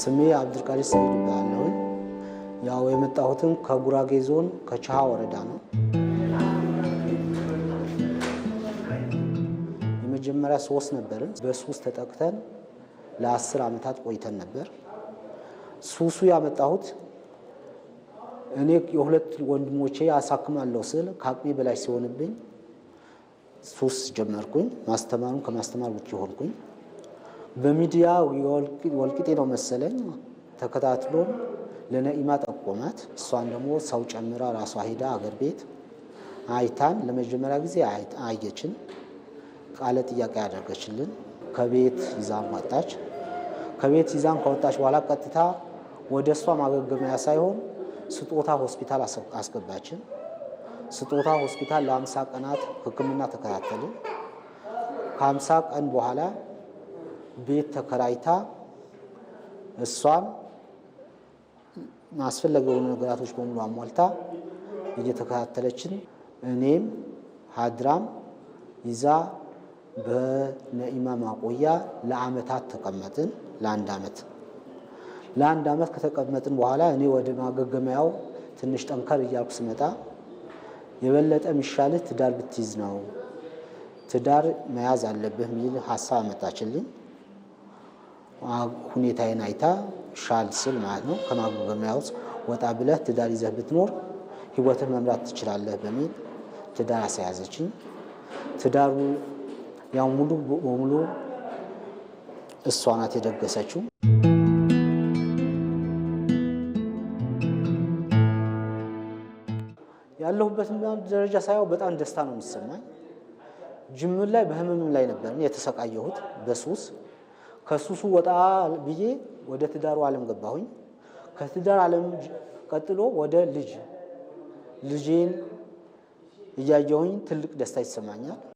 ስሜ አብዱልቃዲር ሰይድ ይባላለሁ። ያው የመጣሁትም ከጉራጌ ዞን ከቻሃ ወረዳ ነው። የመጀመሪያ ሶስት ነበርን። በሱስ ተጠቅተን ለአስር ዓመታት ቆይተን ነበር። ሱሱ ያመጣሁት እኔ የሁለት ወንድሞቼ አሳክማለሁ ስል ከአቅሜ በላይ ሲሆንብኝ ሱስ ጀመርኩኝ። ማስተማሩን ከማስተማር ውጭ ሆንኩኝ። በሚዲያ ወልቂጤ ነው መሰለኝ ተከታትሎም ለነኢማ ጠቆማት። እሷን ደግሞ ሰው ጨምራ ራሷ ሂዳ አገር ቤት አይታን ለመጀመሪያ ጊዜ አየችን። ቃለ ጥያቄ ያደረገችልን ከቤት ይዛን ወጣች። ከቤት ይዛን ከወጣች በኋላ ቀጥታ ወደ እሷ ማገገሚያ ሳይሆን ስጦታ ሆስፒታል አስገባችን። ስጦታ ሆስፒታል ለአምሳ ቀናት ሕክምና ተከታተልን። ከአምሳ ቀን በኋላ ቤት ተከራይታ እሷም ማስፈለገው ነገራቶች በሙሉ አሟልታ እየተከታተለችን እኔም ሀድራም ይዛ በነኢማ ማቆያ ለአመታት ተቀመጥን። ለአንድ አመት ለአንድ አመት ከተቀመጥን በኋላ እኔ ወደ ማገገሚያው ትንሽ ጠንከር እያልኩ ስመጣ የበለጠ የሚሻልህ ትዳር ብትይዝ ነው፣ ትዳር መያዝ አለብህ የሚል ሀሳብ አመጣችልኝ። ሁኔታዬን አይታ ሻል ስል ማለት ነው ከማግበሚያ ውስጥ ወጣ ብለህ ትዳር ይዘህ ብትኖር ህይወትህ መምራት ትችላለህ በሚል ትዳር አስያዘችኝ። ትዳሩ ያው ሙሉ በሙሉ እሷ ናት የደገሰችው። ያለሁበት ደረጃ ሳየው በጣም ደስታ ነው የሚሰማኝ። ጅምር ላይ በህመምም ላይ ነበር የተሰቃየሁት በሱስ ከሱሱ ወጣ ብዬ ወደ ትዳሩ ዓለም ገባሁኝ። ከትዳር ዓለም ቀጥሎ ወደ ልጅ ልጄን እያየሁኝ ትልቅ ደስታ ይሰማኛል።